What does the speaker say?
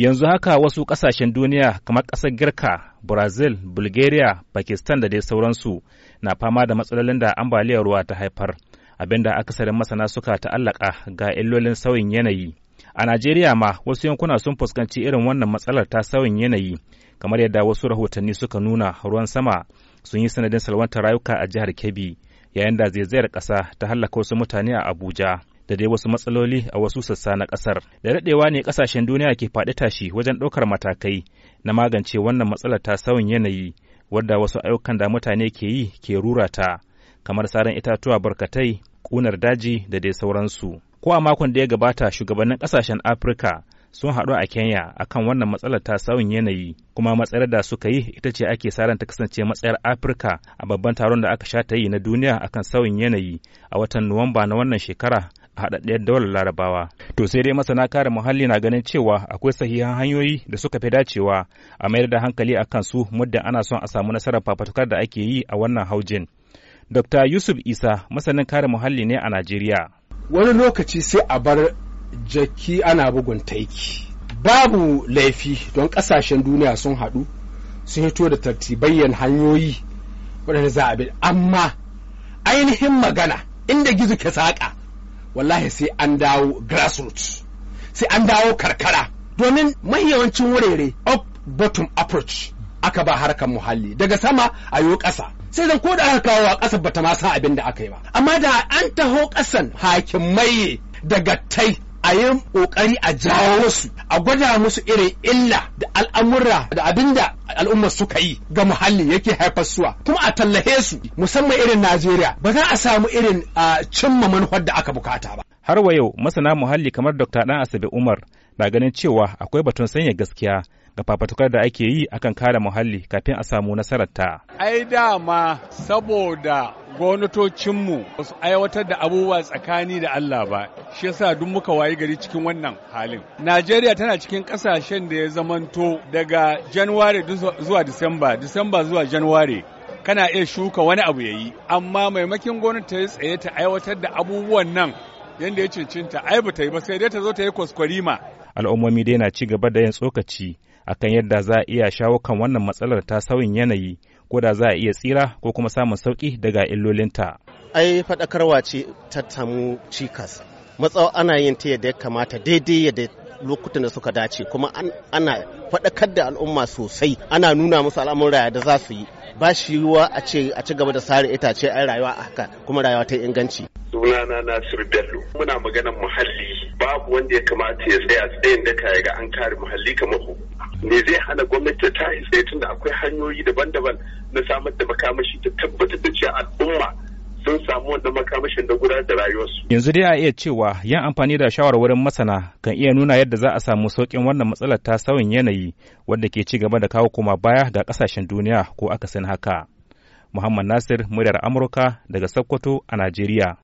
Yanzu haka wasu ƙasashen duniya kamar ƙasar Girka, Brazil, Bulgaria, Pakistan da dai sauransu na fama da matsalolin da ambaliyar ruwa ta haifar, abinda akasarin masana suka ta'allaka ga illolin sauyin yanayi. A Najeriya ma wasu yankuna sun fuskanci irin wannan matsalar ta sauyin yanayi, kamar yadda wasu rahotanni suka nuna ruwan sama sun yi sanadin salwantar rayuka a jihar Kebbi, yayin da zaizayar ƙasa ta hallaka wasu mutane a Abuja. da dai wasu matsaloli a wasu sassa na ƙasar. Da daɗewa ne ƙasashen duniya ke faɗi tashi wajen ɗaukar matakai na magance wannan matsalar ta sauyin yanayi wadda wasu ayyukan da mutane ke yi ke rurata kamar saran itatuwa barkatai, ƙunar daji da dai sauransu. Ko a makon da ya gabata shugabannin ƙasashen Afirka sun haɗu a Kenya akan wannan matsalar ta sauyin yanayi kuma matsayar da suka yi ita ce ake saran ta kasance matsayar Afirka a babban taron da aka sha ta yi na duniya akan sauyin yanayi a watan Nuwamba na wannan shekara haɗaɗɗiyar dawar larabawa to sai dai masana kare muhalli na ganin cewa akwai sahihan hanyoyi da suka fi dacewa a mayar da hankali a kansu muddin ana son a samu nasarar fafatukar da ake yi a wannan haujin dr yusuf isa masanin kare muhalli ne a najeriya wani lokaci sai a bar jaki ana bugun taiki babu laifi don ƙasashen duniya sun haɗu sun hito da tartibayyan hanyoyi waɗanda za a bi amma ainihin magana inda gizo ke saƙa wallahi sai an dawo grassroots sai an dawo karkara domin mahiyawancin wurare up bottom approach aka ba harkar muhalli daga sama a yi ƙasa sai zan ko da aka kawo a ƙasa bata ma san abin da aka yi ba amma da an taho ƙasan hakimai daga tai. a yi ƙoƙari a jawo su a gwada musu irin illa da al'amura da abinda al'umma suka yi ga muhalli yake haifar suwa kuma a tallahe su musamman irin Najeriya ba za a samu irin cimma manufar da aka bukata ba. Har wa yau masana muhalli kamar Dr. Dan Asabe Umar na ganin cewa akwai batun sanya gaskiya ga fafatukar da ake yi akan kare muhalli kafin a samu nasarar ta. Ai dama saboda gwamnatocinmu ba su aiwatar da abubuwa tsakani da Allah ba shi yasa duk muka wayi gari cikin wannan halin Najeriya tana cikin kasashen da ya zamanto daga Januwari zuwa Disamba Disamba zuwa Januwari kana iya shuka wani abu yayi amma maimakin gwamnati ta tsaye ta aiwatar da abubuwan nan yadda ya cincinta ai ba ta yi ba sai dai ta zo ta yi kwaskwarima al'ummomi dai na ci gaba da yin tsokaci akan yadda za a iya shawo kan wannan matsalar ta sauyin yanayi ko da za a iya tsira ko kuma samun sauki daga illolinta. Ai faɗakarwa ce ta tamu cikas. Matsawa ana yin ta yadda ya kamata daidai yadda lokutan da suka dace kuma ana faɗakar da al'umma sosai ana nuna musu al'amura da za su yi ba shi yiwuwa a ce a ci gaba da sare itace ai rayuwa a haka kuma rayuwa ta inganci. sunana Nasiru Bello muna maganan muhalli babu wanda ya kamata ya tsaya tsayin daka ya ga an kare muhalli kamar me zai hana gwamnati ta yi tsaye tunda akwai hanyoyi daban-daban na samar da makamashi ta tabbatar da cewa al'umma sun samu wannan makamashin da gudanar da rayuwarsu. Yanzu dai a iya cewa yin amfani da shawarwarin masana kan iya nuna yadda za a samu sauƙin wannan matsalar ta sauyin yanayi wadda ke ci gaba da kawo koma baya ga kasashen duniya ko akasin haka. Muhammad Nasir, muryar Amurka daga Sokoto a Najeriya.